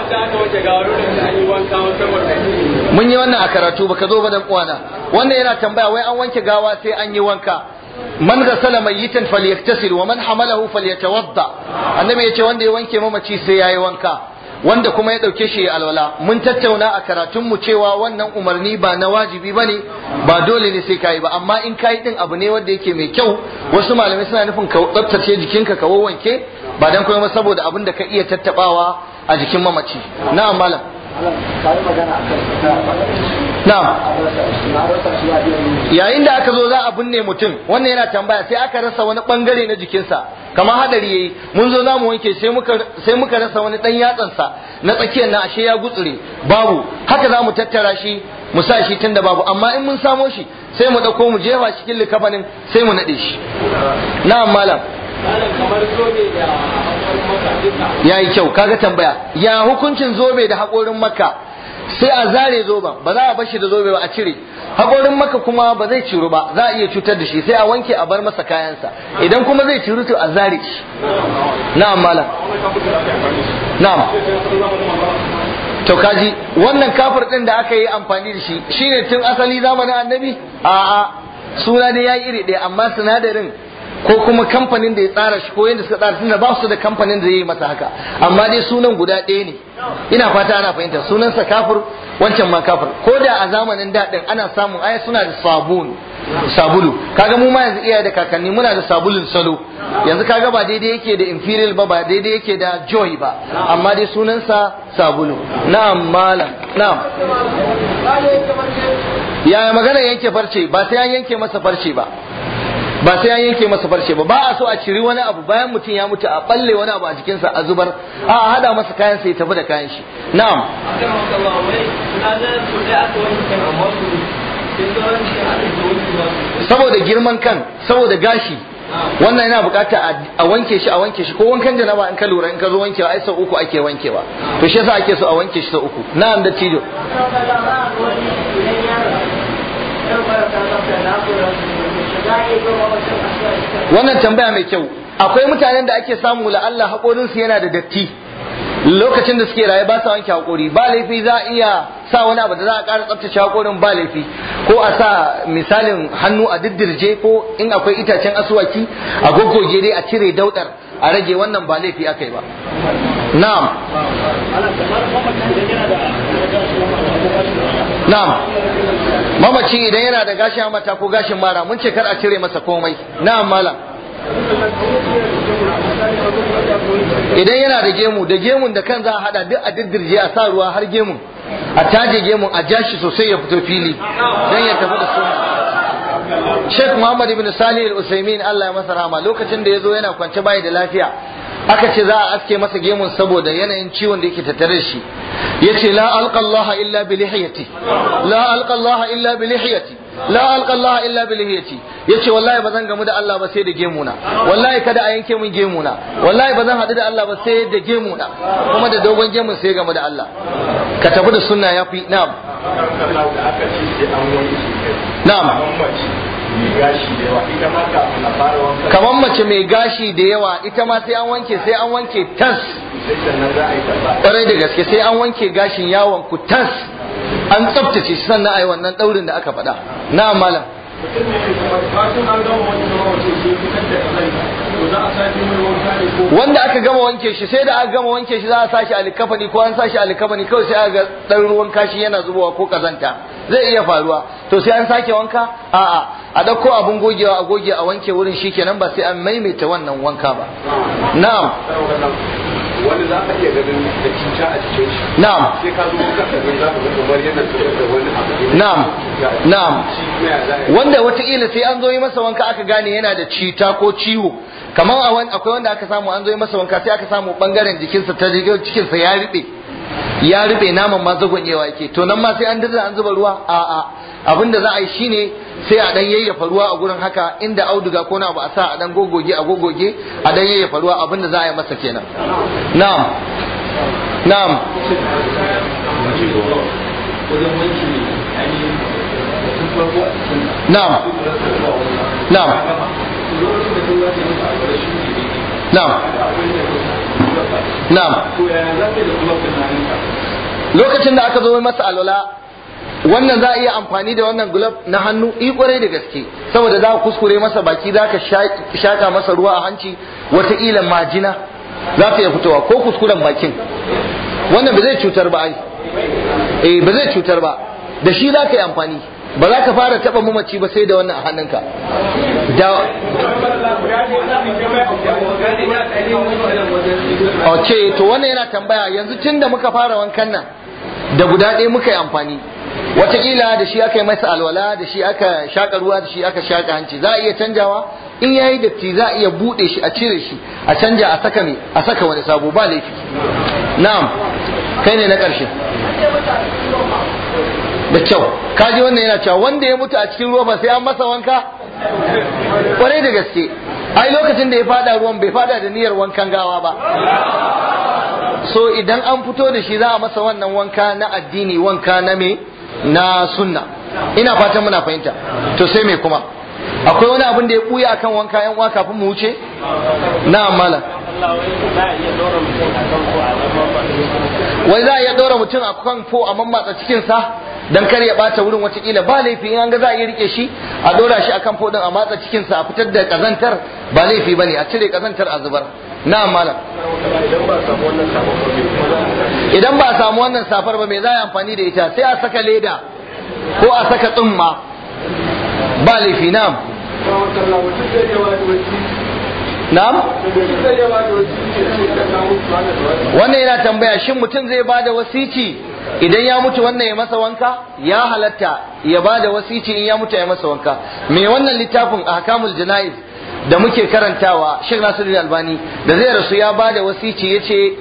mun yi wannan a karatu ba ka zo ba dan uwana wannan yana tambaya wai an wanke gawa sai an yi wanka man gasala mayyitan falyaktasil wa man hamalahu falyatawadda annabi yace wanda ya wanke mamaci sai yayi wanka wanda kuma ya ɗauke shi alwala mun tattauna a karatun mu cewa wannan umarni ba na wajibi ba ne ba dole ne sai kayi ba amma in kayi ɗin abu ne wanda yake mai kyau wasu malamai suna nufin ka tsaftace jikinka ka wawanke ba dan kuma saboda abin da ka iya tattabawa a jikin mamaci na'am malam na yayin da aka zo za a binne mutum wannan yana tambaya sai aka rasa wani bangare na jikinsa kamar hadari yayi mun zo mu wanke sai muka rasa wani dan yatsansa na tsakiyar na ashe ya gutsure babu haka zamu tattara shi mu sa shi tunda babu amma in mun samo shi sai mu dauko mu jefa shi cikin likafanin sai mu nade shi na'am malam ya kyau kaga tambaya ya hukuncin zobe da haƙorin makka sai a zare zoben ba za a bar shi da zobe ba a cire hakorin maka kuma ba zai ciru ba za a iya cutar da shi sai a wanke a bar masa kayansa idan kuma zai ciru to a zare shi na'am malam na'am to kaji wannan kafir din da aka yi amfani da shi shine tun asali zamanin annabi a'a suna ne yayi iri ɗaya amma sinadarin ko kuma kamfanin da ya tsara shi ko yadda suka tsara suna ba su da kamfanin da zai yi masa haka amma dai sunan guda ɗaya ne ina fata ana fahimta sunansa kafir wancan ma kafir ko da a zamanin da din ana samun aya suna da sabun sabulu kaga mu ma yanzu iyaye da kakanni muna da sabulun salo yanzu kaga ba daidai yake da imperial ba ba daidai yake da joy ba amma dai sunansa sabulu na'am malam na'am yaya magana yanke farce ba sai an yanke masa farce ba ba sai an yanke masa farce ba ba a so a ciri wani abu bayan mutum ya mutu a balle wani abu a jikinsa a zubar a hada masa kayan sai tafi da kayan shi na'am saboda girman kan saboda gashi wannan yana bukata a wanke shi a wanke shi ko wankan janaba in ka lura in ka zo wankewa ai sau uku ake wankewa to shi yasa ake so a wanke shi sau uku na'am da tijo wannan tambaya mai kyau akwai mutanen da ake samu la'alla haƙorinsu yana da datti lokacin da suke raye ba sa wanke haƙori ba laifi za iya sa wani abu da za a ƙara tsaftace haƙorin ba laifi ko a sa misalin hannu a diddirje ko in akwai itacen asuwaki a goggoge dai a cire daudar a rage wannan ba laifi akai ba na'am na'am mamaci idan yana da gashin mata ko gashin mara mun ce kar a cire masa komai na amala. idan yana da gemu da gemun da kan za a hada duk a diddirje a sa ruwa har gemun a taje gemun a jashi sosai ya fito fili don ya tafi da suna Sheikh Muhammad ibn Salih al-Usaimin Allah ya masa rahama lokacin da ya zo yana kwance bai da lafiya aka ce za a aske masa gemun saboda yanayin ciwon da yake tattare shi Ya ce la alƙal'laha illa bi lihiyati la alƙal'laha illa bi lihiyati la alƙal'laha illa bi lihiyati ce wallahi ba zan gamu da Allah ba sai da gemuna wallahi kada a yanke min gemuna wallahi ba zan haɗu da Allah ba sai da gemuna kuma da dogon gemun sai gamu da Allah ka tafi da sunna yafi na'am na'am kamar mace mai gashi da yawa ita ma sai an wanke sai an wanke tas kwarai da gaske sai an wanke gashin yawon ku tas an tsabtace shi sannan a yi wannan ɗaurin da aka faɗa na malam wanda aka gama wanke shi sai da aka gama wanke shi za a sashi alikafani ko an sashi alikafani kawai sai aka dan ruwan kashi yana zubowa ko kazanta zai iya faruwa to sai an sake wanka a'a a dauko abun gogewa a goge a wanke wurin shikenan ba sai an maimaita wannan wanka ba na'am wani za ka iya da cuta a na'am na'am na'am wanda ila sai an zo yi masa wanka aka gane yana da cita ko ciwo kamar akwai wanda aka samu an zo yi masa wanka sai aka samu bangaren jikinsa ta jikin cikinsa ya ruɓe ya rube naman ma zagwajewa yake to nan ma sai an dirza an zuba ruwa a'a abin da za a yi shine sai a dan yayyafa ruwa a gurin haka inda auduga ko na abu a sa a dan gogoge a gogoge a dan yayyafa ruwa abin da za a yi masa kenan na'am na'am na'am na'am na'am na'am lokacin da aka zo masa alwala wannan za a iya amfani da wannan gulab na hannu i kwarai da gaske saboda za ka kuskure masa baki za ka shaka masa ruwa a hanci wataƙila majina za ta iya fitowa ko kuskuren bakin wannan ba zai cutar ba ai eh ba zai cutar ba da shi za ka yi amfani ba za ka fara taba mamaci ba sai da wannan a hannunka da ok to wannan yana tambaya yanzu tun da muka fara wankan nan da guda ɗaya muka yi amfani watakila da shi aka yi masa alwala da shi aka shaka ruwa da shi aka shaka hanci za a iya canjawa in yayi datti za a iya buɗe shi a cire shi a canja a saka ne a saka wani sabo ba laifi na'am kai ne na karshe da kyau kaji wannan yana cewa wanda ya mutu a cikin ruwa sai an masa wanka kwarai da gaske ai lokacin da ya fada ruwan bai fada da niyyar wankan gawa ba so idan an fito da shi za a masa wannan wanka na addini wanka na me na sunna ina fatan muna fahimta to sai me kuma akwai wani abin da ya buya akan wanka yan uwa kafin mu wuce na amala. wai za a iya ɗora mutum a kan fo a mammatsa cikinsa don kar ya bata wurin wata kila ba laifi in an ga za a iya rike shi a ɗora shi a kan fo ɗin a matsa cikinsa a fitar da kazantar ba laifi ba ne a cire kazantar a zubar na amala. idan ba a samu wannan safar ba mai za a yi amfani da ita sai a saka leda ko a saka tsumma ba laifi nam Wannan yana tambaya shin mutum zai ba da wasici idan ya mutu wannan ya masa wanka? Ya halatta ya ba da wasici in ya mutu ya masa wanka. Me wannan littafin a hakamul jana'iz da muke karantawa Sheikh Nasiruddin Albani da zai rasu ya ba bada wasici yace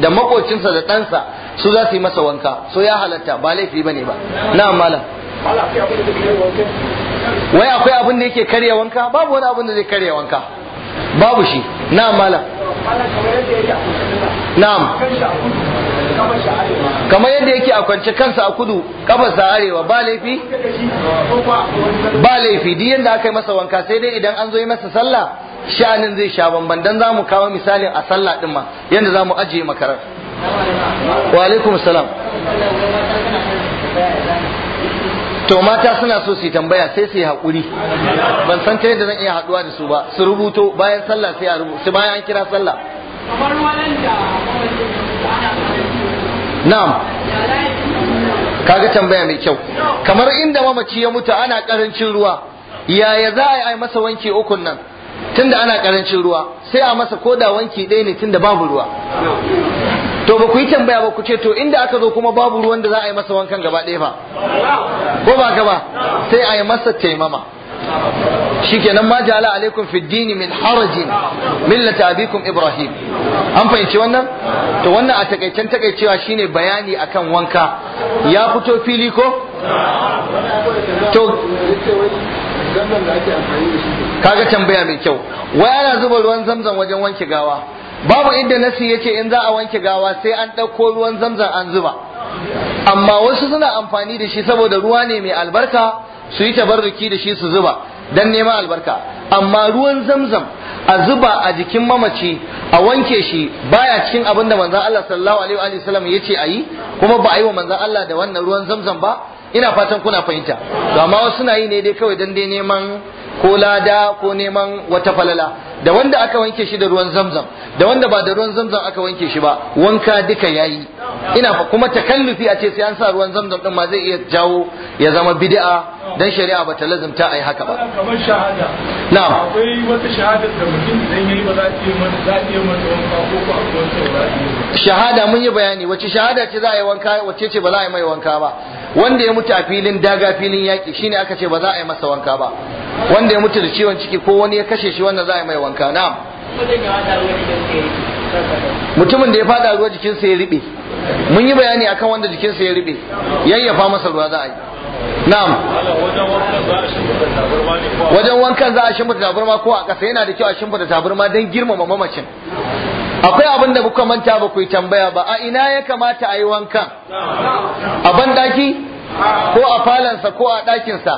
da makocinsa da ɗansa su za su yi masa wanka so ya halatta ba laifi bane ba na'am malam wai akwai abin da yake karya wanka babu wani abin da zai karya wanka babu shi na'am malam na'am kamar yadda yake a kwance kansa a kudu kafarsa arewa ba laifi ba laifi duk yadda aka yi masa wanka sai dai idan an zo yi masa sallah sha'anin zai sha bamban dan zamu kawo misalin a sallah din ma yadda zamu ajiye makarar wa alaikum salam to mata suna so su tambaya sai su yi haƙuri ban san ta yadda zan iya haɗuwa da su ba su rubuto bayan sallah sai a rubuta bayan an kira sallah na'am kaga tambaya mai kyau kamar inda mamaci ya mutu ana karancin ruwa yaya za a yi masa wanki ukun nan tunda ana karancin ruwa sai a masa koda wanki ɗaya ne tunda babu ruwa to ba ku yi tambaya ba ku ce to inda aka zo kuma babu ruwan da za a yi masa wankan gaba ɗaya ba ko ba ka ba sai a yi masa taimama shikenan ma ja'ala alaikum fid din min harajin millata abikum ibrahim an fahimci wannan to wannan a takaicen takaicewa shine bayani akan wanka ya fito fili ko to kaga tambaya mai kyau wai ana zuba ruwan zamzan wajen wanke gawa babu inda nasi yace in za a wanke gawa sai an ɗauko ruwan zamzam an zuba amma wasu suna amfani da shi saboda ruwa ne mai albarka su yi tabarruki da shi su zuba dan neman albarka amma ruwan zamzam a zuba a jikin mamaci a wanke shi baya cikin abin da manzon Allah sallallahu alaihi wa sallam yace ayi kuma ba a yi wa manzon Allah da wannan ruwan zamzam ba ina fatan kuna fahimta to amma wasu na yi ne dai kawai dan dai neman ko lada ko neman wata falala da wanda aka wanke shi da ruwan zamzam da wanda ba da ruwan zamzam aka wanke shi ba wanka duka yayi ina fa kuma takallufi a ce sai an sa ruwan zamzam din ma zai iya jawo ya zama bid'a dan shari'a ba ta lazumta a yi haka ba kamar shahada na'am akwai wata shahada da mutum idan yi ba za ta yi mana za ta yi mana wanka ko ko akwai wata shahada mun yi bayani wace shahada ce za a yi wanka wace ce ba za a yi mai wanka ba wanda ya mutu a filin daga filin yaki shine aka ce ba za a yi masa wanka ba wanda ya mutu da ciwon ciki ko wani ya kashe shi wannan za a yi mai wanka na'am mutumin da ya fada ruwa jikinsa ya riɓe mun yi bayani akan wanda jikinsa ya rube yayyafa masa ruwa za a yi na'am wajen wankan za a shimfida taburma ko a ƙasa yana da kyau a shimfida taburma don girmama mamacin akwai abin da kuka manta ba ku tambaya ba a ina ya kamata a yi wankan a banɗaki? ko a falansa ko a ɗakinsa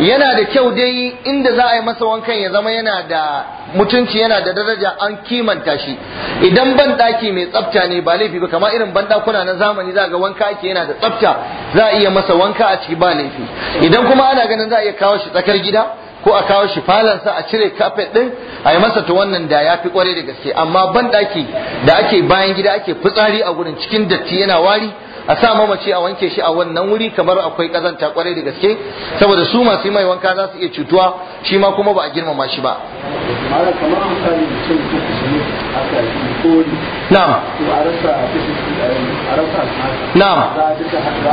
yana da kyau dai inda za a yi masa wankan ya zama yana da mutunci yana da daraja an kimanta shi idan ban ɗaki mai tsafta ne ba laifi ba kamar irin ban ɗakuna na zamani za ga wanka ake yana da tsafta za a iya masa wanka a ciki ba laifi idan kuma ana ganin za a iya kawo shi tsakar gida ko a kawo shi falansa a cire kafet din a yi masa ta wannan da ya fi kwarai da gaske amma ban ɗaki da ake bayan gida ake fitsari a gurin cikin datti yana wari a sa mamaci a wanke shi a wannan wuri kamar akwai kazanta kwarai da gaske saboda su masu mai wanka za su iya cutuwa shi ma kuma ba a girmama shi ba na'am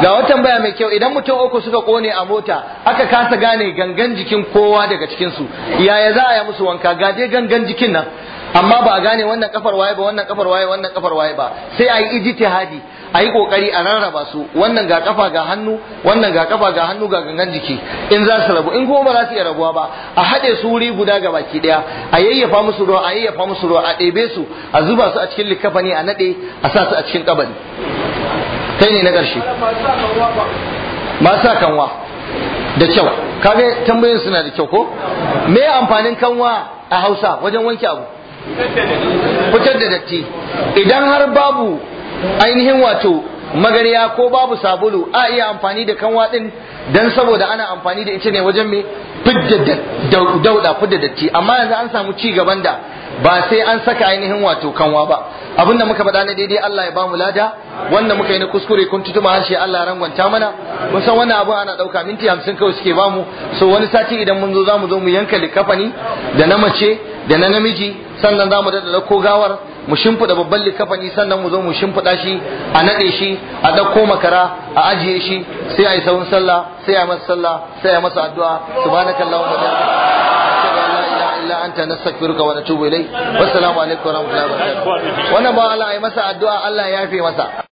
ga wata tambaya mai kyau idan mutum uku suka kone a mota aka kasa gane gangan jikin kowa daga cikin su yaya za a yi musu wanka ga dai gangan jikin nan amma ba a gane wannan kafar waye ba wannan kafar waye wannan kafar waye ba sai a yi ijtihadi a yi kokari a rarraba su wannan ga kafa ga hannu wannan ga kafa ga hannu ga gangan jiki in za su rabu in kuma ba za su iya rabuwa ba a haɗe su wuri guda ga baki ɗaya a yayyafa musu ruwa a yayyafa musu ruwa a ɗebe su a zuba su a cikin likafani a naɗe a sa su a cikin kabari kai ne na ƙarshe ba sa kanwa da kyau Ka kaga tambayin suna da kyau ko me amfanin kanwa a hausa wajen wanke abu fitar da datti idan har babu ainihin wato magariya ko babu sabulu a iya amfani da kanwa din dan saboda ana amfani da ita ne wajen me fidda dauda fidda datti amma yanzu an samu ci gaban da ba sai an saka ainihin wato kanwa ba abinda muka faɗa ne daidai Allah ya bamu lada wanda muka yi na kuskure kun tutuma harshe Allah rangwanta mana mun san wannan abu ana ɗauka minti hamsin kawai suke bamu so wani sati idan mun zo zamu zo mu yanka likafani da na mace da na namiji sannan zamu da ko gawar mu shimfiɗa babban likafani sannan mu zo mu shimfiɗa shi a naɗe shi a ɗauko makara a ajiye shi sai a yi sahun sallah sai a masa sallah sai a masa addu'a subhanakallahumma wa bihamdika illa anta nastaghfiruka wa natubu ilayk wassalamu alaikum wa rahmatullahi wa barakatuh wannan ba Allah ya masa addu'a Allah ya yafe masa